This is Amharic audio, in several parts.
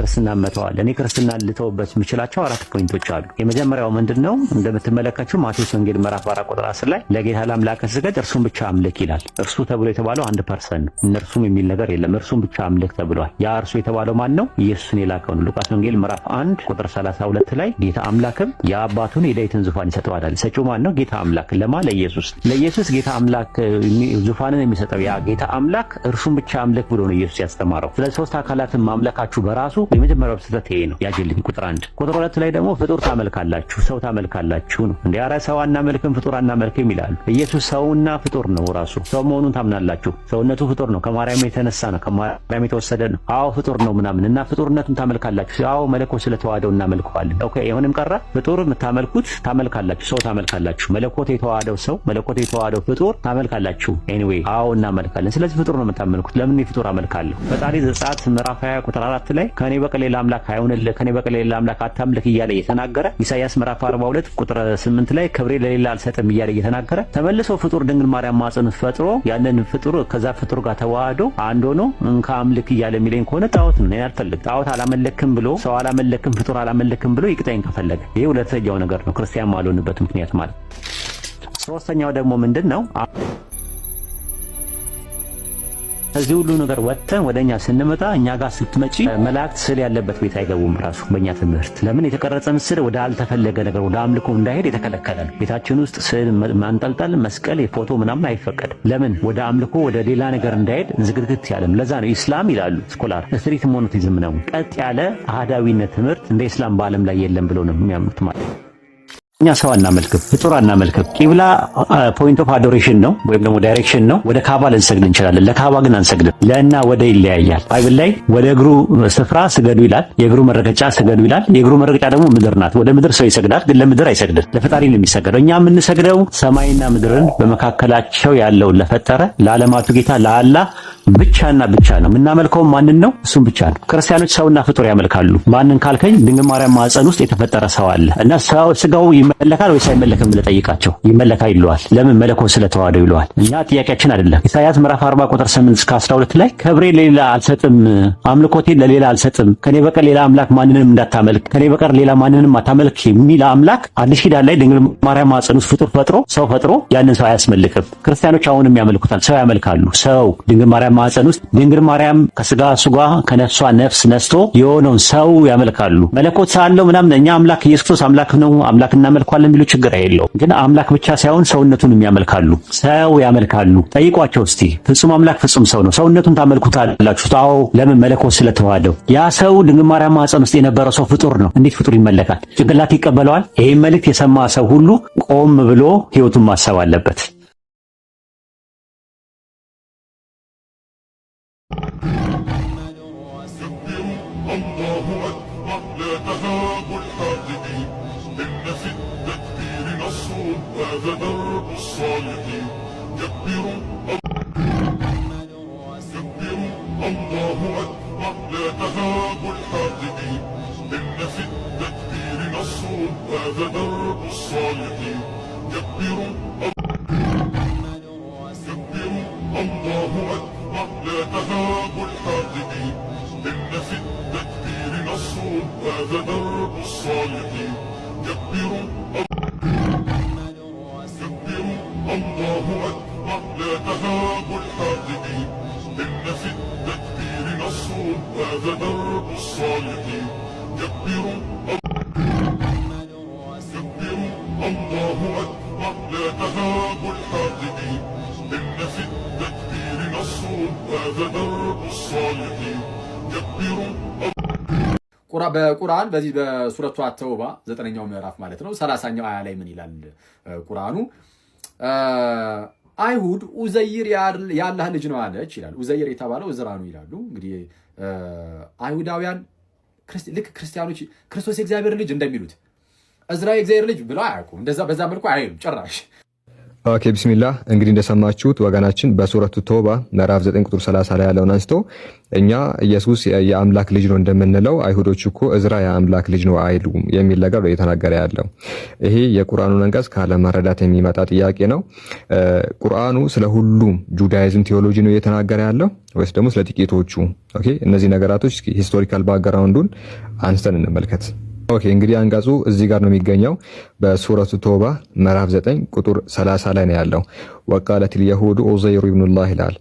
ክርስትና መተዋለን። እኔ ክርስትና ልተውበት የምችላቸው አራት ፖይንቶች አሉ። የመጀመሪያው ምንድን ነው? እንደምትመለከችው ማቴዎስ ወንጌል ምዕራፍ አራት ቁጥር አስር ላይ ለጌታ ለአምላክ ስገድ እርሱን ብቻ አምልክ ይላል። እርሱ ተብሎ የተባለው አንድ ፐርሰን ነው። እነርሱም የሚል ነገር የለም። እርሱን ብቻ አምልክ ተብሏል። ያ እርሱ የተባለው ማን ነው? ኢየሱስን የላከው ነው። ሉቃስ ወንጌል ምዕራፍ አንድ ቁጥር ሁለት ላይ ጌታ አምላክም የአባቱን የዳዊትን ዙፋን ይሰጠዋል። ሰጪው ማን ነው? ጌታ አምላክ። ለማ ለኢየሱስ ለኢየሱስ ጌታ አምላክ ዙፋንን የሚሰጠው ያ ጌታ አምላክ እርሱን ብቻ አምልክ ብሎ ነው ኢየሱስ ያስተማረው። ስለዚህ ሶስት አካላትን ማምለካችሁ በራሱ የመጀመሪያው ስህተት ይሄ ነው ያጅልኝ። ቁጥር አንድ ቁጥር ሁለት ላይ ደግሞ ፍጡር ታመልካላችሁ፣ ሰው ታመልካላችሁ ነው እንዲ ኧረ ሰው አናመልክም ፍጡር አናመልክም ይላሉ። ኢየሱስ ሰውና ፍጡር ነው። ራሱ ሰው መሆኑን ታምናላችሁ። ሰውነቱ ፍጡር ነው። ከማርያም የተነሳ ነው። ከማርያም የተወሰደ ነው። አዎ ፍጡር ነው ምናምን እና ፍጡርነቱን ታመልካላችሁ። አዎ መለኮት ስለተዋደው እናመልከዋለን። ኦኬ ይሁንም ቀረ ፍጡር የምታመልኩት ታመልካላችሁ፣ ሰው ታመልካላችሁ። መለኮት የተዋደው ሰው መለኮት የተዋደው ፍጡር ታመልካላችሁ። ኤኒዌይ አዎ እናመልካለን። ስለዚህ ፍጡር ነው የምታመልኩት። ለምን ፍጡር አመልካለሁ? ፈጣሪ ዘጸአት ምዕራፍ 20 ቁጥር 4 ላይ ከ ከኔ በቀር ሌላ አምላክ አይሆንልህ፣ ከኔ በቀር ሌላ አምላክ አታምልክ እያለ እየተናገረ ኢሳያስ ምዕራፍ 42 ቁጥር 8 ላይ ክብሬ ለሌላ አልሰጥም እያለ እየተናገረ ተመልሶ ፍጡር ድንግል ማርያም ማጽን ፈጥሮ ያንን ፍጡር ከዛ ፍጡር ጋር ተዋህዶ አንድ ሆኖ እንካ አምልክ እያለ የሚለኝ ከሆነ ጣዖት ነው ያልፈልግ። ጣዖት አላመለክም ብሎ ሰው አላመለክም ፍጡር አላመለክም ብሎ ይቅጠኝ ከፈለገ ይህ ሁለተኛው ነገር ነው ክርስቲያን ማልሆንበት ምክንያት ማለት። ሶስተኛው ደግሞ ምንድን ነው? ከዚህ ሁሉ ነገር ወጥተን ወደ እኛ ስንመጣ እኛ ጋር ስትመጪ መላእክት ስዕል ያለበት ቤት አይገቡም። ራሱ በእኛ ትምህርት ለምን የተቀረጸ ምስል ወደ አልተፈለገ ነገር ወደ አምልኮ እንዳይሄድ የተከለከለ ነው። ቤታችን ውስጥ ስል ማንጠልጠል፣ መስቀል፣ ፎቶ ምናምን አይፈቀድም። ለምን ወደ አምልኮ ወደ ሌላ ነገር እንዳይሄድ ዝግትግት ያለም። ለዛ ነው ኢስላም ይላሉ ስኮላር ስትሪት ሞኖቲዝም ነው። ቀጥ ያለ አህዳዊነት ትምህርት እንደ ኢስላም በዓለም ላይ የለም ብሎ ነው የሚያምኑት ማለት ነው። እኛ ሰው አናመልክም፣ ፍጡር አናመልክም። ቂብላ ፖይንት ኦፍ አዶሬሽን ነው ወይም ደግሞ ዳይሬክሽን ነው። ወደ ካባ ልንሰግድ እንችላለን፣ ለካባ ግን አንሰግድም። ለእና ወደ ይለያያል። ባይብል ላይ ወደ እግሩ ስፍራ ስገዱ ይላል፣ የእግሩ መረገጫ ስገዱ ይላል። የእግሩ መረገጫ ደግሞ ምድር ናት። ወደ ምድር ሰው ይሰግዳል፣ ግን ለምድር አይሰግድም፣ ለፈጣሪ ነው የሚሰግደው። እኛ የምንሰግደው ሰማይና ምድርን በመካከላቸው ያለውን ለፈጠረ ለዓለማቱ ጌታ ለአላ ብቻና ብቻ ነው። የምናመልከው ማንን ነው? እሱም ብቻ ነው። ክርስቲያኖች ሰውና ፍጡር ያመልካሉ። ማንን ካልከኝ ድንግል ማርያም ማህፀን ውስጥ የተፈጠረ ሰው አለ እና ስጋው ይመለካል ወይስ አይመለክም ብለህ ጠይቃቸው። ይመለካ ይለዋል። ለምን መለኮ ስለተዋህደው ይለዋል። እኛ ጥያቄያችን አይደለም። ኢሳያስ ምዕራፍ 40 ቁጥር 8 እስከ 12 ላይ ክብሬ ለሌላ አልሰጥም፣ አምልኮቴን ለሌላ አልሰጥም፣ ከኔ በቀር ሌላ አምላክ ማንንም እንዳታመልክ፣ ከኔ በቀር ሌላ ማንንም አታመልክ የሚል አምላክ አዲስ ኪዳን ላይ ድንግል ማርያም ማኅፀን ፍጡር ፈጥሮ ሰው ፈጥሮ ያንን ሰው አያስመልክም። ክርስቲያኖች አሁንም ያመልኩታል፣ ሰው ያመልካሉ። ሰው ድንግል ማርያም ማኅፀን ውስጥ ድንግል ማርያም ከስጋ ስጋ ከነፍሷ ነፍስ ነስቶ የሆነውን ሰው ያመልካሉ። መለኮት ሳለው ምናምን እኛ አምላክ ኢየሱስ ክርስቶስ አምላክ ነው አምላክና ያመልኳል የሚሉ ችግር የለውም። ግን አምላክ ብቻ ሳይሆን ሰውነቱን የሚያመልካሉ ሰው ያመልካሉ። ጠይቋቸው እስቲ ፍጹም አምላክ ፍጹም ሰው ነው። ሰውነቱን ታመልኩታላችሁ። አዎ ለምን? መለኮት ስለተዋህደው። ያ ሰው ድንግል ማርያም ማኅፀን ውስጥ የነበረ ሰው ፍጡር ነው። እንዴት ፍጡር ይመለካል? ጭንቅላት ይቀበለዋል? ይህም መልእክት የሰማ ሰው ሁሉ ቆም ብሎ ህይወቱን ማሰብ አለበት። كبر بالصالحين كبروا በቁርአን በዚህ በሱረቱ አተውባ ዘጠነኛው ምዕራፍ ማለት ነው ሰላሳኛው አያ ላይ ምን ይላል ቁርአኑ? አይሁድ ኡዘይር የአላህ ልጅ ነው አለች ይላል። ኡዘይር የተባለው እዝራ ነው ይላሉ። እንግዲህ አይሁዳውያን ልክ ክርስቲያኖች ክርስቶስ የእግዚአብሔር ልጅ እንደሚሉት እዝራ የእግዚአብሔር ልጅ ብለው አያውቁም። በዛ መልኩ አይሉም ጭራሽ ኦኬ ቢስሚላህ እንግዲህ እንደሰማችሁት ወገናችን በሱረቱ ቶባ ምዕራፍ 9 ቁጥር 30 ላይ ያለውን አንስቶ እኛ ኢየሱስ የአምላክ ልጅ ነው እንደምንለው አይሁዶች እኮ እዝራ የአምላክ ልጅ ነው አይሉም የሚል ነገር እየተናገረ ያለው ይሄ የቁርአኑን አንቀጽ ካለመረዳት የሚመጣ ጥያቄ ነው። ቁርአኑ ስለ ሁሉም ጁዳይዝም ቴዎሎጂ ነው እየተናገረ ያለው ወይስ ደግሞ ስለ ጥቂቶቹ? ኦኬ እነዚህ ነገራቶች ሂስቶሪካል ባክግራውንዱን አንስተን እንመልከት። ኦኬ እንግዲህ አንቀጹ እዚህ ጋር ነው የሚገኘው። በሱረቱ ቶባ ምዕራፍ 9 ቁጥር 30 ላይ ነው ያለው። ወቃለትል የሁዱ ኡዘይሩ ኢብኑላህ ይላል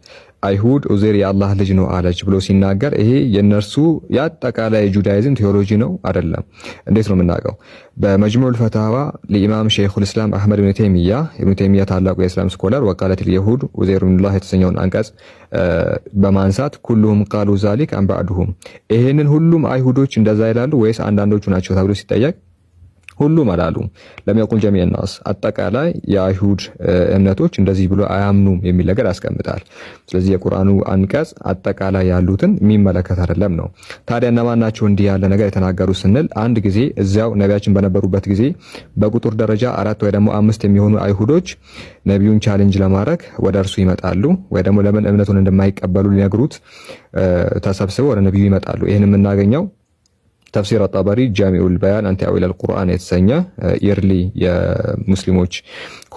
አይሁድ ኡዜር የአላህ ልጅ ነው አለች ብሎ ሲናገር ይሄ የነርሱ የአጠቃላይ ጁዳይዝም ቴዎሎጂ ነው አይደለም። እንዴት ነው የምናውቀው? በመጅሙዕ ልፈታዋ ለኢማም ሸይኹል እስላም አህመድ ብን ተይሚያ ብን ተይሚያ ታላቁ የእስላም ስኮላር ወቃለት ልየሁድ ዑዜር ብኑላህ የተሰኘውን አንቀጽ በማንሳት ኩሉሁም ቃሉ ዛሊክ አንባዕድሁም፣ ይሄንን ሁሉም አይሁዶች እንደዛ ይላሉ ወይስ አንዳንዶቹ ናቸው ተብሎ ሲጠየቅ ሁሉም አላሉ። ለሚያቁል ጀሚዕ ናስ አጠቃላይ የአይሁድ እምነቶች እንደዚህ ብሎ አያምኑም የሚል ነገር ያስቀምጣል። ስለዚህ የቁርአኑ አንቀጽ አጠቃላይ ያሉትን የሚመለከት አይደለም ነው። ታዲያ እነማን ናቸው እንዲህ ያለ ነገር የተናገሩ ስንል አንድ ጊዜ እዚያው ነቢያችን በነበሩበት ጊዜ በቁጥር ደረጃ አራት ወይ ደግሞ አምስት የሚሆኑ አይሁዶች ነቢዩን ቻሌንጅ ለማድረግ ወደ እርሱ ይመጣሉ ወይ ደግሞ ለምን እምነቱን እንደማይቀበሉ ሊነግሩት ተሰብስበው ወደ ነቢዩ ይመጣሉ። ይህን የምናገኘው ተፍሲር አጣበሪ ጃሚኡል በያን አን ተዕዊል የተሰኘ የርሊ የሙስሊሞች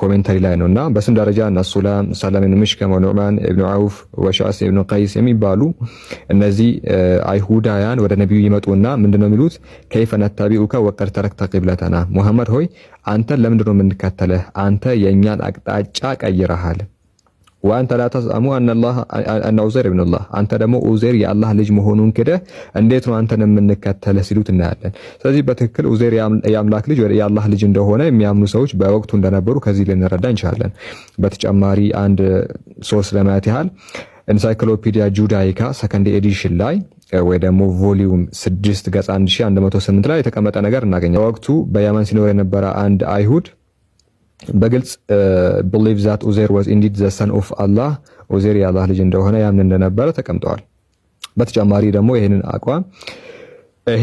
ኮሜንተሪ ላይ ነውና በስም ደረጃ ነሱላ፣ ሰለም ምሽከም፣ ኑዕማን ኢብኑ አውፍ፣ ወሻዕስ ኢብኑ ቀይስ የሚባሉ እነዚህ አይሁዳውያን ወደ ነቢዩ ይመጡና ምንድነው የሚሉት? ከይፈ ነተቢኡከ ወቀድ ተረክተ ቂብለተና፣ ሙሐመድ ሆይ አንተን ለምንድነው የምንከተልህ? አንተ የእኛን አቅጣጫ ቀይረሃል። ወአንተ ላ ተዝአሙ አነ ዑዘይር ኢብኑላህ አንተ ደግሞ ዑዘይር የአላህ ልጅ መሆኑን ክደህ እንዴት ነው አንተን የምንከተልህ ሲሉት እናያለን። ስለዚህ በትክክል ዑዘይር የአምላክ ልጅ የአላህ ልጅ እንደሆነ የሚያምኑ ሰዎች በወቅቱ እንደነበሩ ከዚህ ልንረዳ እንችላለን። በተጨማሪ አንድ ሶስት ለማየት ያህል ኤንሳይክሎፒዲያ ጁዳይካ ሰከንድ ኤዲሽን ላይ ወይ ደግሞ ቮሊዩም 6 ገጽ 1108 ላይ የተቀመጠ ነገር እናገኛለን። በወቅቱ በየመን ሲኖር የነበረ አንድ አይሁድ በግልጽ ብሊቭ ዛት ኡዜር ወዝ ኢንዲድ ዘ ሰን ኦፍ አላህ ኡዜር የአላህ ልጅ እንደሆነ ያምን እንደነበረ ተቀምጠዋል። በተጨማሪ ደግሞ ይህንን አቋም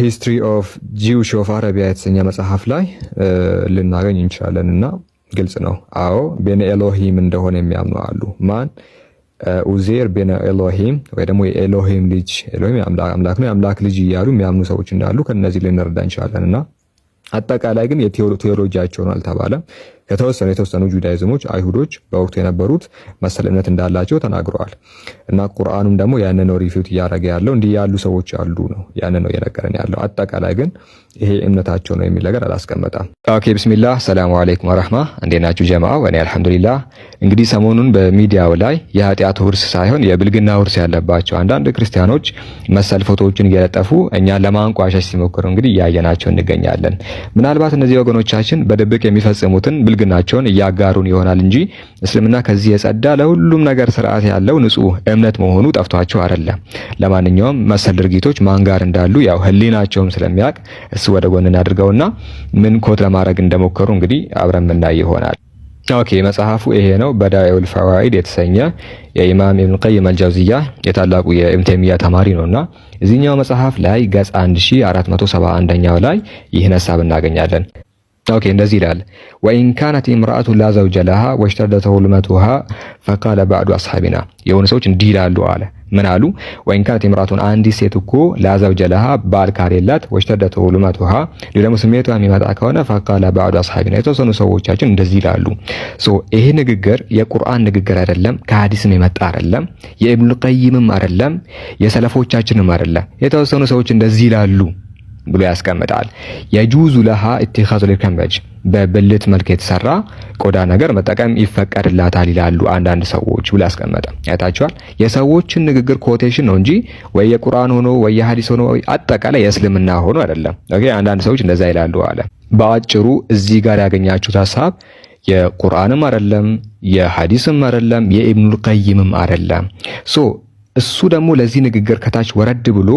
ሂስትሪ ኦፍ ጂውሽ ኦፍ አረቢያ የተሰኘ መጽሐፍ ላይ uh, ልናገኝ እንችላለን እና ግልጽ ነው። አዎ ቤነ ኤሎሂም እንደሆነ የሚያምኑ አሉ። ማን ኡዜር uh, ቤነ ኤሎሂም ወይ ደግሞ የኤሎሂም ልጅ ኤሎሂም አምላክ ነው የአምላክ ልጅ እያሉ የሚያምኑ ሰዎች እንዳሉ ከነዚህ ልንረዳ እንችላለን እና አጠቃላይ ግን የቴዎሎጂያቸውን አልተባለም የተወሰኑ የተወሰኑ ጁዳይዝሞች አይሁዶች በወቅቱ የነበሩት መሰል እምነት እንዳላቸው ተናግረዋል። እና ቁርአኑም ደግሞ ያንን ነው ሪፊውት እያደረገ ያለው እንዲህ ያሉ ሰዎች አሉ ነው ያንን ነው እየነገረን ያለው። አጠቃላይ ግን ይሄ እምነታቸው ነው የሚል ነገር አላስቀመጠም። ኦኬ ቢስሚላህ ሰላሙ አለይኩም ወረህማ እንዴት ናችሁ ጀማዓ? ወኔ አልሐምዱሊላህ። እንግዲህ ሰሞኑን በሚዲያው ላይ የኃጢአት ውርስ ሳይሆን የብልግና ውርስ ያለባቸው አንዳንድ ክርስቲያኖች መሰል ፎቶዎችን እየለጠፉ እኛን ለማንቋሸሽ ሲሞክሩ እንግዲህ እያየናቸው እንገኛለን። ምናልባት እነዚህ ወገኖቻችን በድብቅ የሚፈጽሙትን ብልግናቸውን እያጋሩን ይሆናል እንጂ እስልምና ከዚህ የጸዳ ለሁሉም ነገር ስርዓት ያለው ንጹህ እምነት መሆኑ ጠፍቷቸው አይደለም። ለማንኛውም መሰል ድርጊቶች ማን ጋር እንዳሉ ያው ህሊናቸውም ስለሚያውቅ እሱ ወደ ጎን አድርገውና ምን ኮት ለማድረግ እንደሞከሩ እንግዲህ አብረን ምናይ ይሆናል። ኦኬ መጽሐፉ ይሄ ነው። በዳኢኡል ፈዋኢድ የተሰኘ የኢማም ኢብኑ ቀይም አልጃውዚያ የታላቁ የኢብኑ ተይሚያ ተማሪ ነውና እዚህኛው መጽሐፍ ላይ ገጽ 1471ኛው ላይ ይህን ሀሳብ እናገኛለን። ኦኬ እንደዚህ ይላል ወኢን ካነት እምራአቱ ላ ዘውጀ ለሃ ወሽተደተ ሁልመቱሃ ፈቃለ ባዕዱ አስሓቢና የሆኑ ሰዎች እንዲህ ይላሉ አለ ምን አሉ ወኢን ካነት እምራአቱን አንዲት ሴት እኮ ላ ዘውጀ ለሃ ባል ካሌላት ወሽተደተ ሁልመቱሃ ደግሞ ስሜቷ የሚመጣ ከሆነ ፈቃለ ባዕዱ አስሓቢና የተወሰኑ ሰዎቻችን እንደዚህ ይላሉ ይሄ ንግግር የቁርአን ንግግር አይደለም ከሀዲስም የመጣ አይደለም የኢብኑል ቀይምም አይደለም የሰለፎቻችንም አይደለም የተወሰኑ ሰዎች እንደዚህ ይላሉ ብሎ ያስቀምጣል። የጁዙ ለሃ ኢትኻዙ ከንበጅ በብልት መልክ የተሰራ ቆዳ ነገር መጠቀም ይፈቀድላታል ይላሉ አንዳንድ ሰዎች ብሎ ያስቀመጠ አይታችኋል። የሰዎችን ንግግር ኮቴሽን ነው እንጂ ወይ የቁርአን ሆኖ ወይ የሐዲስ ሆኖ አጠቃላይ የእስልምና ሆኖ አይደለም። ኦኬ አንዳንድ ሰዎች እንደዛ ይላሉ አለ። በአጭሩ እዚህ ጋር ያገኛችሁት ሀሳብ የቁርአንም አይደለም የሐዲስም አይደለም የኢብኑል ቀይምም አይደለም ሶ እሱ ደግሞ ለዚህ ንግግር ከታች ወረድ ብሎ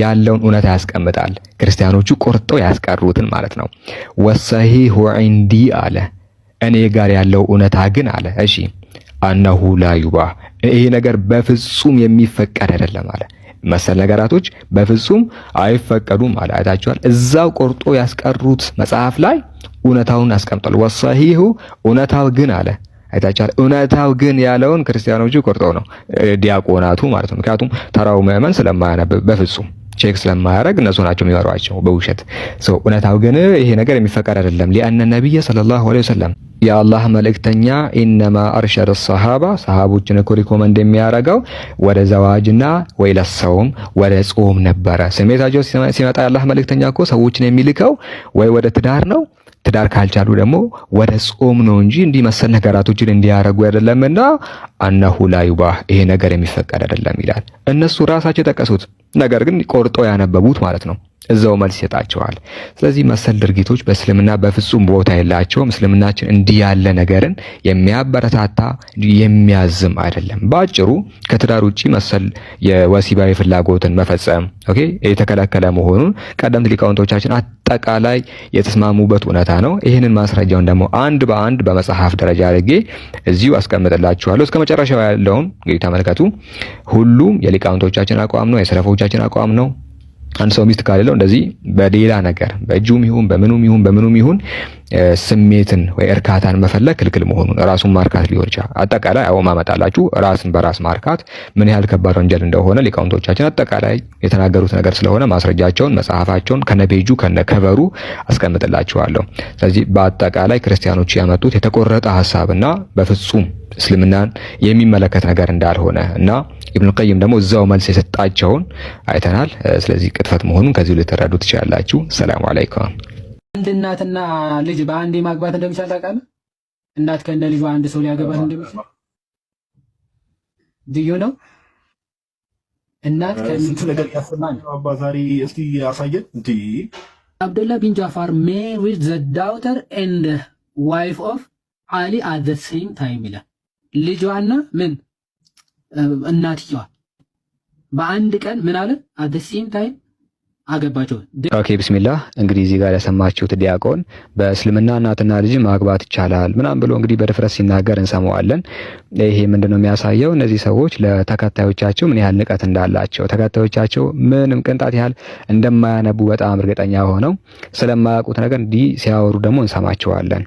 ያለውን እውነታ ያስቀምጣል። ክርስቲያኖቹ ቆርጠው ያስቀሩትን ማለት ነው። ወሰሂሁ ዒንዲ አለ እኔ ጋር ያለው እውነታ ግን አለ እሺ አነሁ ላዩባ ይሄ ነገር በፍጹም የሚፈቀድ አይደለም አለ። መሰል ነገራቶች በፍጹም አይፈቀዱም አለ። አይታችኋል። እዛው ቆርጦ ያስቀሩት መጽሐፍ ላይ እውነታውን አስቀምጧል። ወሰሂሁ እውነታው ግን አለ አይታችኋል። እውነታው ግን ያለውን ክርስቲያኖቹ ቆርጠው ነው ዲያቆናቱ ማለት ነው። ምክንያቱም ተራው ምዕመን ስለማያነብ በፍጹም ቼክ ስለማያደርግ እነሱ ናቸው የሚመሯቸው በውሸት ሰው። እውነታው ግን ይሄ ነገር የሚፈቀድ አይደለም። ሊአነ ነቢየ ሰለላሁ ዐለይሂ ወሰለም የአላህ መልእክተኛ ኢነማ አርሸደ ሰሃባ ሰሃቦችን እኮ ሪኮመንድ የሚያደርገው ወደ ዘዋጅና ወይ ለሰውም ወደ ጾም ነበረ። ስሜታቸው ሲመጣ የአላህ መልእክተኛ እኮ ሰዎችን የሚልከው ወይ ወደ ትዳር ነው ትዳር ካልቻሉ ደግሞ ወደ ጾም ነው እንጂ እንዲህ መሰል ነገራቶችን እንዲያደርጉ አይደለምና አነሁ ላ ይሄ ነገር የሚፈቀድ አይደለም ይላል። እነሱ ራሳቸው የጠቀሱት ነገር ግን ቆርጦ ያነበቡት ማለት ነው። እዛው መልስ ይሰጣቸዋል። ስለዚህ መሰል ድርጊቶች በእስልምና በፍጹም ቦታ የላቸውም። እስልምናችን እንዲህ ያለ ነገርን የሚያበረታታ የሚያዝም አይደለም። በአጭሩ ከትዳር ውጪ መሰል የወሲባዊ ፍላጎትን መፈጸም ኦኬ የተከለከለ መሆኑን ቀደምት ሊቃውንቶቻችን አጠቃላይ የተስማሙበት እውነታ ነው። ይህንን ማስረጃውን ደግሞ አንድ በአንድ በመጽሐፍ ደረጃ አድርጌ እዚሁ አስቀምጥላችኋለሁ። እስከ መጨረሻው ያለውን እንግዲህ ተመልከቱ። ሁሉም የሊቃውንቶቻችን አቋም ነው፣ የሰለፎቻችን አቋም ነው። አንድ ሰው ሚስት ካለለው እንደዚህ በሌላ ነገር በእጁም ይሁን በምኑም ይሁን በምኑም ይሁን ስሜትን ወይ እርካታን መፈለግ ክልክል መሆኑን ራሱን ማርካት ሊሆን ይችላል። አጠቃላይ አወማ መጣላችሁ ራስን በራስ ማርካት ምን ያህል ከባድ ወንጀል እንደሆነ ሊቃውንቶቻችን አጠቃላይ የተናገሩት ነገር ስለሆነ ማስረጃቸውን መጽሐፋቸውን ከነፔጁ ከነከበሩ አስቀምጥላችኋለሁ። ስለዚህ በአጠቃላይ ክርስቲያኖች ያመጡት የተቆረጠ ሀሳብና በፍጹም እስልምናን የሚመለከት ነገር እንዳልሆነ እና ኢብኑል ቀይም ደግሞ እዛው መልስ የሰጣቸውን አይተናል። ስለዚህ ቅጥፈት መሆኑን ከዚሁ ልትረዱ ትችላላችሁ። ሰላሙ አለይኩም። አንድ እናትና ልጅ በአንዴ ማግባት እንደሚቻል ታውቃለህ? እናት ከእንደ ልጇ አንድ ሰው ሊያገባት እንደሚችል ድዩ ነው። እናት ዛሬ ቢን ጃፋር ሜሪድ ዘ ዳውተር ኤንድ ዋይፍ ኦፍ አሊ አት ዘ ሴም ታይም ይላል። ልጇና ምን እናትየዋ በአንድ ቀን ምን አለ አት ታይም አገባቸው። ብስሚላ። እንግዲህ እዚህ ጋር ያሰማችሁት ዲያቆን በእስልምና እናትና ልጅ ማግባት ይቻላል ምናም ብሎ እንግዲህ በድፍረት ሲናገር እንሰማዋለን። ይሄ ምንድነው የሚያሳየው? እነዚህ ሰዎች ለተከታዮቻቸው ምን ያህል ንቀት እንዳላቸው፣ ተከታዮቻቸው ምንም ቅንጣት ያህል እንደማያነቡ በጣም እርግጠኛ ሆነው ስለማያውቁት ነገር እንዲህ ሲያወሩ ደግሞ እንሰማቸዋለን።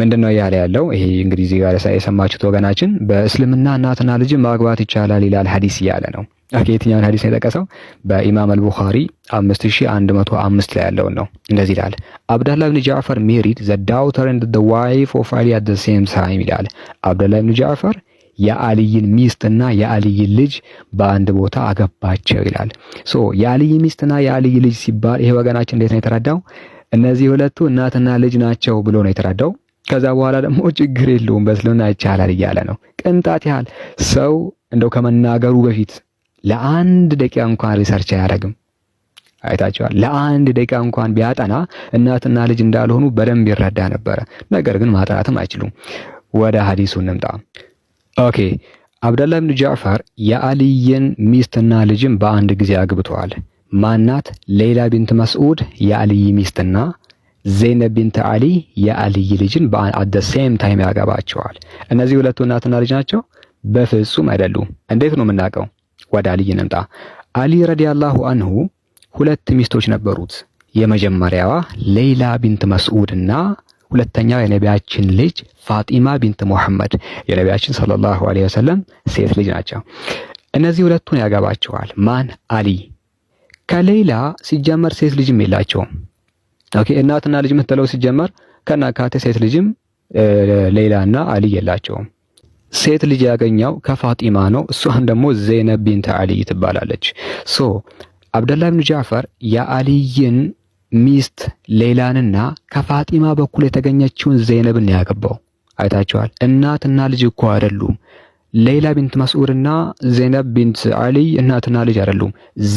ምንድነው እያለ ያለው? ይሄ እንግዲህ እዚህ ጋር የሰማችሁት ወገናችን በእስልምና እናትና ልጅ ማግባት ይቻላል ይላል ሀዲስ እያለ ነው ኦኬ የትኛውን ሀዲስ ነው የጠቀሰው? በኢማም አልቡኻሪ 5105 ላይ ያለውን ነው። እንደዚህ ይላል አብዳላ ብን ጃዕፈር ሜሪድ ዘ ዳውተር ንድ ዘ ዋይፍ ኦፍ አሊ አት ዘ ሴም ታይም ይላል። አብዳላ ብን ጃዕፈር የአልይን ሚስትና የአልይን ልጅ በአንድ ቦታ አገባቸው ይላል። ሶ የአልይ ሚስትና የአልይ ልጅ ሲባል ይሄ ወገናችን እንዴት ነው የተረዳው? እነዚህ ሁለቱ እናትና ልጅ ናቸው ብሎ ነው የተረዳው። ከዛ በኋላ ደግሞ ችግር የለውም በእስልምና ይቻላል እያለ ነው። ቅንጣት ያህል ሰው እንደው ከመናገሩ በፊት ለአንድ ደቂቃ እንኳን ሪሰርች አያደርግም። አይታቸዋል። ለአንድ ደቂቃ እንኳን ቢያጠና እናትና ልጅ እንዳልሆኑ በደንብ ይረዳ ነበረ። ነገር ግን ማጥናትም አይችሉም። ወደ ሀዲሱ እንምጣ። ኦኬ አብደላ ብን ጃዕፈር የአልይን ሚስትና ልጅም በአንድ ጊዜ አግብተዋል። ማናት? ሌላ ቢንት መስዑድ የአልይ ሚስትና ዘይነብ ቢንት አሊ የአልይ ልጅን አት ዘ ሴም ታይም ያገባቸዋል። እነዚህ ሁለቱ እናትና ልጅ ናቸው? በፍጹም አይደሉም። እንዴት ነው የምናውቀው? ወደ አሊ እንምጣ። አሊ ረዲያላሁ አንሁ ሁለት ሚስቶች ነበሩት። የመጀመሪያዋ ሌይላ ቢንት መስዑድ እና ሁለተኛው የነቢያችን ልጅ ፋጢማ ቢንት ሙሐመድ የነቢያችን ሰለላሁ ዐለይሂ ወሰለም ሴት ልጅ ናቸው። እነዚህ ሁለቱን ያገባቸዋል። ማን? አሊ። ከሌላ ሲጀመር ሴት ልጅም የላቸውም። ኦኬ እናትና ልጅ የምትለው ሲጀመር ከና ካቴ ሴት ልጅም ሌላና አሊ የላቸውም። ሴት ልጅ ያገኘው ከፋጢማ ነው። እሷም ደግሞ ዘይነብ ቢንት አልይ ትባላለች። ሶ አብደላ ብን ጃፈር የአልይን ሚስት ሌላንና ከፋጢማ በኩል የተገኘችውን ዘይነብን ያገባው። አይታቸዋል። እናትና ልጅ እኮ አይደሉም። ሌላ ቢንት መስዑርና ዘይነብ ቢንት አልይ እናትና ልጅ አይደሉም።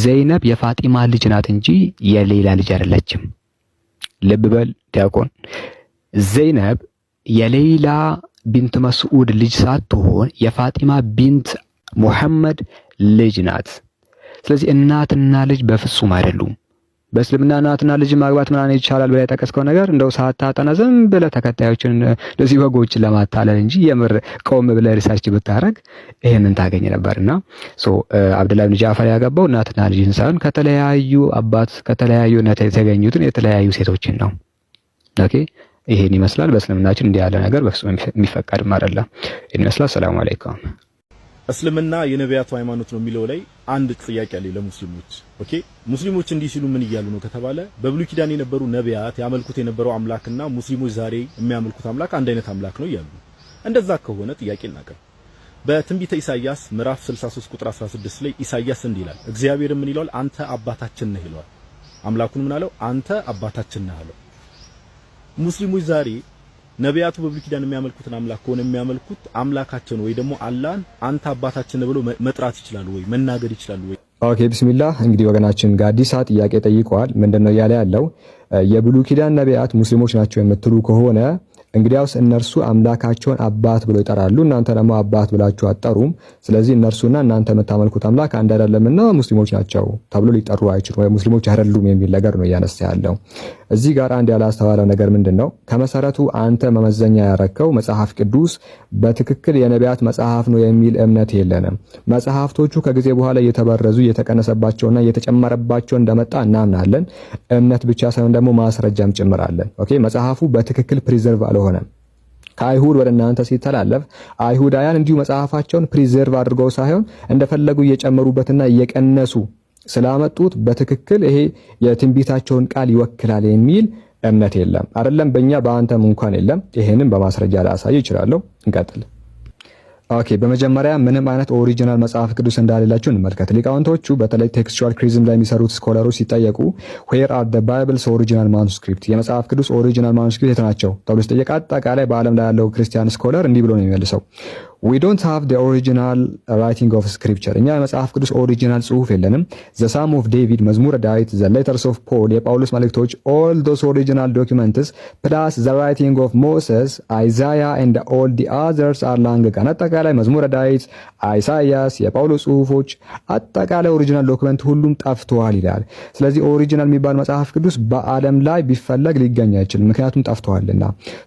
ዘይነብ የፋጢማ ልጅ ናት እንጂ የሌላ ልጅ አይደለችም። ልብ በል ዲያቆን ዘይነብ የሌላ ቢንት መስዑድ ልጅ ሳትሆን የፋጢማ ቢንት ሙሐመድ ልጅ ናት። ስለዚህ እናትና ልጅ በፍጹም አይደሉም። በእስልምና እናትና ልጅ ማግባት ምናምን ይቻላል ብላ የጠቀስከው ነገር እንደው ሳታጠና ዝም ብለህ ተከታዮችን እንደዚህ ወጎችን ለማታለል እንጂ የምር ቆም ብለህ ሪሰርች ብታደረግ ይህንን ታገኝ ነበርና አብድላ ብን ጃፈር ያገባው እናትና ልጅን ሳይሆን ከተለያዩ አባት ከተለያዩ ነት የተገኙትን የተለያዩ ሴቶችን ነው። ኦኬ ይሄን ይመስላል። በእስልምናችን እንዲህ ያለ ነገር በፍጹም የሚፈቀድም አይደለም። ይሄን ይመስላል። ሰላም አለይኩም። እስልምና የነቢያቱ ሃይማኖት ነው የሚለው ላይ አንድ ጥያቄ አለ ለሙስሊሞች። ኦኬ ሙስሊሞች እንዲህ ሲሉ ምን እያሉ ነው ከተባለ በብሉይ ኪዳን የነበሩ ነቢያት ያመልኩት የነበረው አምላክና ሙስሊሞች ዛሬ የሚያመልኩት አምላክ አንድ አይነት አምላክ ነው እያሉ እንደዛ ከሆነ ጥያቄ እናቀርብ። በትንቢተ ኢሳይያስ ምዕራፍ 63 ቁጥር 16 ላይ ኢሳይያስ እንዲህ ይላል፣ እግዚአብሔር ምን ይለዋል? አንተ አባታችን ነህ ይለዋል። አምላኩን ምን አለው? አንተ አባታችን ነህ አለው። ሙስሊሞች ዛሬ ነቢያቱ በብሉይ ኪዳን የሚያመልኩትን አምላክ ከሆነ የሚያመልኩት አምላካችን ወይ ደግሞ አላህን አንተ አባታችን ብሎ መጥራት ይችላሉ ወይ መናገር ይችላሉ ወይ? ኦኬ ቢስሚላህ። እንግዲህ ወገናችን ጋዲሳ ጥያቄ ጠይቀዋል። ምንድነው እያለ ያለው? የብሉይ ኪዳን ነቢያት ሙስሊሞች ናቸው የምትሉ ከሆነ እንግዲያውስ እነርሱ አምላካቸውን አባት ብለው ይጠራሉ፣ እናንተ ደግሞ አባት ብላችሁ አጠሩም ስለዚህ እነርሱና እናንተ የምታመልኩት አምላክ አንድ አይደለምና ሙስሊሞች ናቸው ተብሎ ሊጠሩ አይችሉም፣ ወይ ሙስሊሞች አይደሉም የሚል ነገር ነው እያነሳ ያለው። እዚህ ጋር አንድ ያላስተዋለው ነገር ምንድን ነው? ከመሰረቱ አንተ መመዘኛ ያረከው መጽሐፍ ቅዱስ በትክክል የነቢያት መጽሐፍ ነው የሚል እምነት የለንም። መጽሐፍቶቹ ከጊዜ በኋላ እየተበረዙ እየተቀነሰባቸውና እየተጨመረባቸው እንደመጣ እናምናለን። እምነት ብቻ ሳይሆን ደግሞ ማስረጃም ጭምራለን። ኦኬ መጽሐፉ በትክክል ፕሪዘርቭ አለ እንደሆነ ከአይሁድ ወደ እናንተ ሲተላለፍ አይሁዳውያን እንዲሁ መጽሐፋቸውን ፕሪዘርቭ አድርገው ሳይሆን እንደፈለጉ እየጨመሩበትና እየቀነሱ ስላመጡት በትክክል ይሄ የትንቢታቸውን ቃል ይወክላል የሚል እምነት የለም። አይደለም በእኛ በአንተም እንኳን የለም። ይሄንም በማስረጃ ላሳይ ይችላለሁ። እንቀጥል። ኦኬ በመጀመሪያ ምንም አይነት ኦሪጂናል መጽሐፍ ቅዱስ እንዳሌላቸው እንመልከት። ሊቃውንቶቹ በተለይ ቴክስቹዋል ክሪዝም ላይ የሚሰሩት ስኮለሮች ሲጠየቁ ዌር አር ዘ ባይብልስ ኦሪጂናል ማኑስክሪፕት የመጽሐፍ ቅዱስ ኦሪጂናል ማኑስክሪፕት የት ናቸው ተብሎ ሲጠየቅ አጠቃላይ በዓለም ላይ ያለው ክርስቲያን ስኮለር እንዲህ ብሎ ነው የሚመልሰው ዊ ዶንት ሃቭ ዘ ኦሪጂናል ራይቲንግ ኦፍ ስክሪፕቸር እኛ የመጽሐፍ ቅዱስ ኦሪጂናል ጽሁፍ የለንም። ዘ ሳም ኦፍ ዴቪድ፣ መዝሙረ ዳዊት፣ ዘ ሌተርስ ኦፍ ፖል፣ የጳውሎስ መልእክቶች ኦል ዶስ ኦሪጂናል ዶኪመንትስ ፕላስ ዘ ራይቲንግ ኦፍ ሞሴስ አይዛያ ኤንድ ኦል ዲ አዘርስ አር ላንግ ቀን አጠቃላይ መዝሙረ ዳዊት አይሳያስ፣ የጳውሎስ ጽሁፎች አጠቃላይ ኦሪጂናል ዶክመንት ሁሉም ጠፍተዋል ይላል። ስለዚህ ኦሪጂናል የሚባል መጽሐፍ ቅዱስ በዓለም ላይ ቢፈለግ ሊገኝ አይችልም፣ ምክንያቱም ጠፍተዋልና።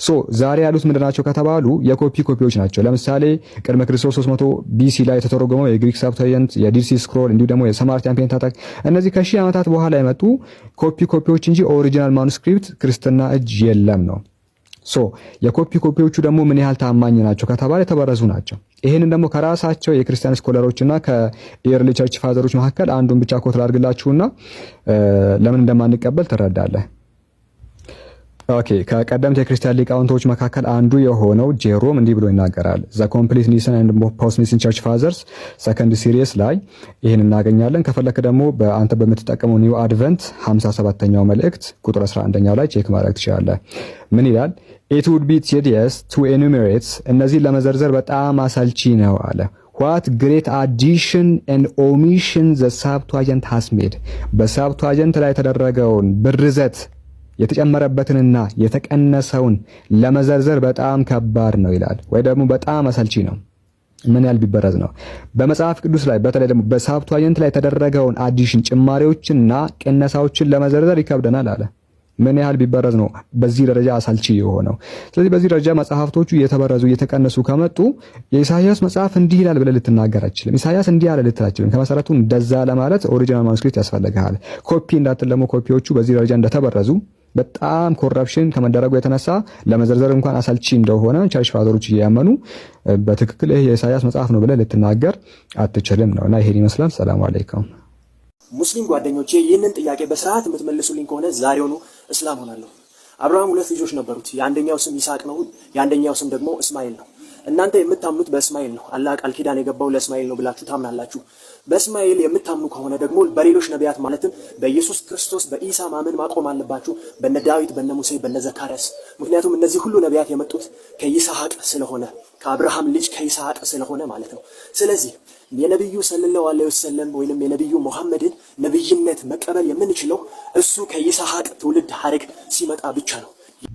ሶ ዛሬ ያሉት ምንድን ናቸው ከተባሉ የኮፒ ኮፒዎች ናቸው። ለምሳሌ ቅድመ ክርስቶስ 300 ቢሲ ላይ የተተረጎመው የግሪክ ሰብታየንት፣ የዲርሲ ስክሮል እንዲሁ ደግሞ የሰማርቲያን ፔንታታክ እነዚህ ከሺህ ዓመታት በኋላ የመጡ ኮፒ ኮፒዎች እንጂ ኦሪጂናል ማኑስክሪፕት ክርስትና እጅ የለም ነው። ሶ የኮፒ ኮፒዎቹ ደግሞ ምን ያህል ታማኝ ናቸው ከተባለ የተበረዙ ናቸው። ይህንን ደግሞ ከራሳቸው የክርስቲያን ስኮለሮችና ከኤርሊ ቸርች ፋዘሮች መካከል አንዱን ብቻ ኮት ላድርግላችሁና ለምን እንደማንቀበል ትረዳለህ። ኦኬ ከቀደምት የክርስቲያን ሊቃውንቶች መካከል አንዱ የሆነው ጄሮም እንዲህ ብሎ ይናገራል። ዘ ኮምፕሊት ኒስን ኤንድ ፖስት ኒስን ቸርች ፋዘርስ ሰከንድ ሲሪየስ ላይ ይህን እናገኛለን። ከፈለክ ደግሞ በአንተ በምትጠቀመው ኒው አድቨንት 57ኛው መልእክት ቁጥር 11ኛው ላይ ቼክ ማድረግ ትችላለህ። ምን ይላል? ኢት ውድ ቢ ቴዲየስ ቱ ኤኑሜሬት እነዚህን ለመዘርዘር በጣም አሳልቺ ነው አለ ዋት ግሬት አዲሽን ኤንድ ኦሚሽን ዘ ሳብቷጀንት ሃስ ሜድ በሳብቷጀንት ላይ የተደረገውን ብርዘት የተጨመረበትንና የተቀነሰውን ለመዘርዘር በጣም ከባድ ነው ይላል። ወይ ደግሞ በጣም አሰልቺ ነው። ምን ያህል ቢበረዝ ነው? በመጽሐፍ ቅዱስ ላይ በተለይ ደግሞ በሳብቷየንት ላይ የተደረገውን አዲሽን ጭማሪዎችንና ቅነሳዎችን ለመዘርዘር ይከብደናል አለ። ምን ያህል ቢበረዝ ነው በዚህ ደረጃ አሳልቺ የሆነው? ስለዚህ በዚህ ደረጃ መጽሐፍቶቹ እየተበረዙ እየተቀነሱ ከመጡ የኢሳያስ መጽሐፍ እንዲህ ይላል ብለህ ልትናገር አችልም። ኢሳያስ እንዲህ ያለ ልትል አችልም። ከመሰረቱ እንደዛ ለማለት ኦሪጂናል ማኑስክሪፕት ያስፈልግሃል። ኮፒ እንዳትል ደግሞ ኮፒዎቹ በዚህ ደረጃ እንደተበረዙ በጣም ኮረፕሽን ከመደረጉ የተነሳ ለመዘርዘር እንኳን አሳልቺ እንደሆነ ቸርች ፋዘሮች እያመኑ በትክክል ይህ የኢሳያስ መጽሐፍ ነው ብለህ ልትናገር አትችልም ነው እና ይሄን ይመስላል። ሰላም አለይኩም። ሙስሊም ጓደኞቼ ይህንን ጥያቄ በስርዓት የምትመልሱልኝ ከሆነ ዛሬውኑ እስላም ሆናለሁ። አብርሃም ሁለት ልጆች ነበሩት። የአንደኛው ስም ይስሐቅ ነው፣ የአንደኛው ስም ደግሞ እስማኤል ነው። እናንተ የምታምኑት በእስማኤል ነው። አላህ ቃል ኪዳን የገባው ለእስማኤል ነው ብላችሁ ታምናላችሁ። በእስማኤል የምታምኑ ከሆነ ደግሞ በሌሎች ነቢያት ማለትም በኢየሱስ ክርስቶስ በኢሳ ማመን ማቆም አለባችሁ፣ በነ ዳዊት፣ በነ ሙሴ፣ በነ ዘካርያስ። ምክንያቱም እነዚህ ሁሉ ነቢያት የመጡት ከይስሐቅ ስለሆነ ከአብርሃም ልጅ ከይስሐቅ ስለሆነ ማለት ነው። ስለዚህ የነቢዩ ሰለላሁ ዐለይሂ ወሰለም ወይንም የነቢዩ ሙሐመድን ነብይነት መቀበል የምንችለው እሱ ከይስሐቅ ትውልድ ሐረግ ሲመጣ ብቻ ነው።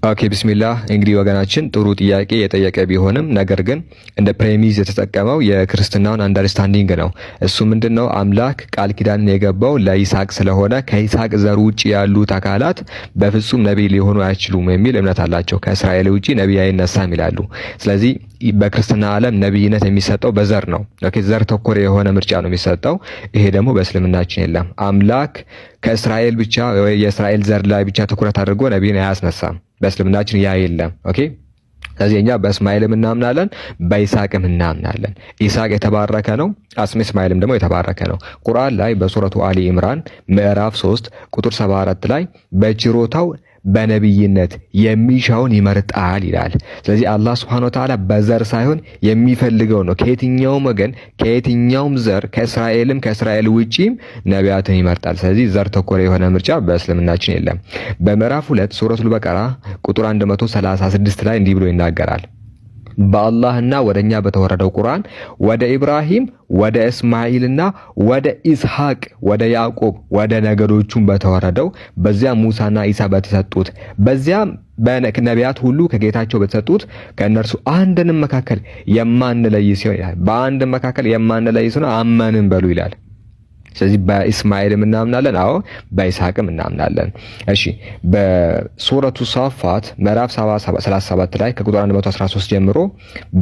ኦኬ ቢስሚላ እንግዲህ ወገናችን ጥሩ ጥያቄ የጠየቀ ቢሆንም ነገር ግን እንደ ፕሬሚዝ የተጠቀመው የክርስትናውን አንደርስታንዲንግ ነው። እሱ ምንድን ነው? አምላክ ቃል ኪዳንን የገባው ለይስሐቅ ስለሆነ ከይስሐቅ ዘር ውጭ ያሉት አካላት በፍጹም ነቢይ ሊሆኑ አይችሉም የሚል እምነት አላቸው። ከእስራኤል ውጭ ነቢይ አይነሳም ይላሉ። ስለዚህ በክርስትና ዓለም ነቢይነት የሚሰጠው በዘር ነው። ዘር ተኮር የሆነ ምርጫ ነው የሚሰጠው። ይሄ ደግሞ በእስልምናችን የለም። አምላክ ከእስራኤል ብቻ ወይ የእስራኤል ዘር ላይ ብቻ ትኩረት አድርጎ ነቢይን አያስነሳም። በእስልምናችን ያ የለም። ኦኬ ስለዚህ እኛ በእስማኤልም እናምናለን፣ በይስሐቅም እናምናለን። ይስሐቅ የተባረከ ነው፣ አጽም እስማኤልም ደግሞ የተባረከ ነው። ቁርአን ላይ በሱረቱ አሊ ኢምራን ምዕራፍ 3 ቁጥር 74 ላይ በችሮታው በነቢይነት የሚሻውን ይመርጣል ይላል። ስለዚህ አላህ ሱብሓነሁ ወተዓላ በዘር ሳይሆን የሚፈልገው ነው። ከየትኛውም ወገን ከየትኛውም ዘር ከእስራኤልም ከእስራኤል ውጪም ነቢያትን ይመርጣል። ስለዚህ ዘር ተኮር የሆነ ምርጫ በእስልምናችን የለም። በምዕራፍ ሁለት ሱረቱል በቀራ ቁጥር 136 ላይ እንዲህ ብሎ ይናገራል በአላህና ወደ እኛ በተወረደው ቁርአን ወደ ኢብራሂም ወደ እስማኤልና ወደ ኢስሐቅ ወደ ያዕቆብ ወደ ነገዶቹም በተወረደው በዚያ ሙሳና ኢሳ በተሰጡት በዚያም በነቢያት ሁሉ ከጌታቸው በተሰጡት ከእነርሱ አንድንም መካከል የማንለይ ሲሆን በአንድ መካከል የማንለይ ሲሆን አመንን በሉ ይላል። ስለዚህ በኢስማኤልም እናምናለን። አዎ በይስሐቅም እናምናለን። እሺ በሱረቱ ሳፋት ምዕራፍ 37 ላይ ከቁጥር 113 ጀምሮ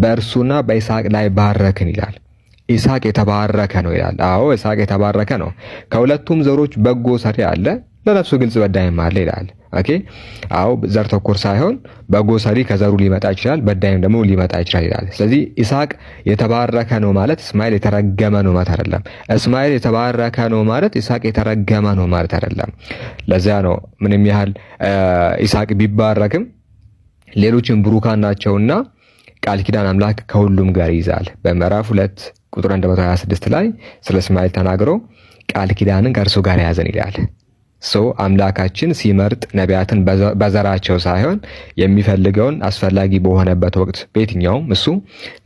በእርሱና በይስሐቅ ላይ ባረክን ይላል። ኢስሐቅ የተባረከ ነው ይላል። አዎ ኢስሐቅ የተባረከ ነው። ከሁለቱም ዘሮች በጎ ሰሪ አለ ለነፍሱ ግልጽ በዳይም አለ ይላል። ኦኬ አዎ ዘር ተኮር ሳይሆን በጎሰሪ ከዘሩ ሊመጣ ይችላል፣ በዳይም ደግሞ ሊመጣ ይችላል ይላል። ስለዚህ ይስሐቅ የተባረከ ነው ማለት እስማኤል የተረገመ ነው ማለት አይደለም። እስማኤል የተባረከ ነው ማለት ኢሳቅ የተረገመ ነው ማለት አይደለም። ለዚያ ነው ምንም ያህል ኢሳቅ ቢባረክም ሌሎችን ብሩካን ናቸውና ቃል ኪዳን አምላክ ከሁሉም ጋር ይዛል በምዕራፍ ሁለት ቁጥር 126 ላይ ስለ እስማኤል ተናግሮ ቃል ኪዳንን ከእርሱ ጋር ያዘን ይላል። ሶ አምላካችን ሲመርጥ ነቢያትን በዘራቸው ሳይሆን የሚፈልገውን አስፈላጊ በሆነበት ወቅት በየትኛውም እሱ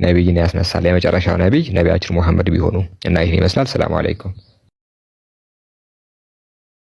ነቢይን ያስነሳል። የመጨረሻው ነቢይ ነቢያችን ሙሐመድ ቢሆኑ እና ይህን ይመስላል። ሰላም አለይኩም።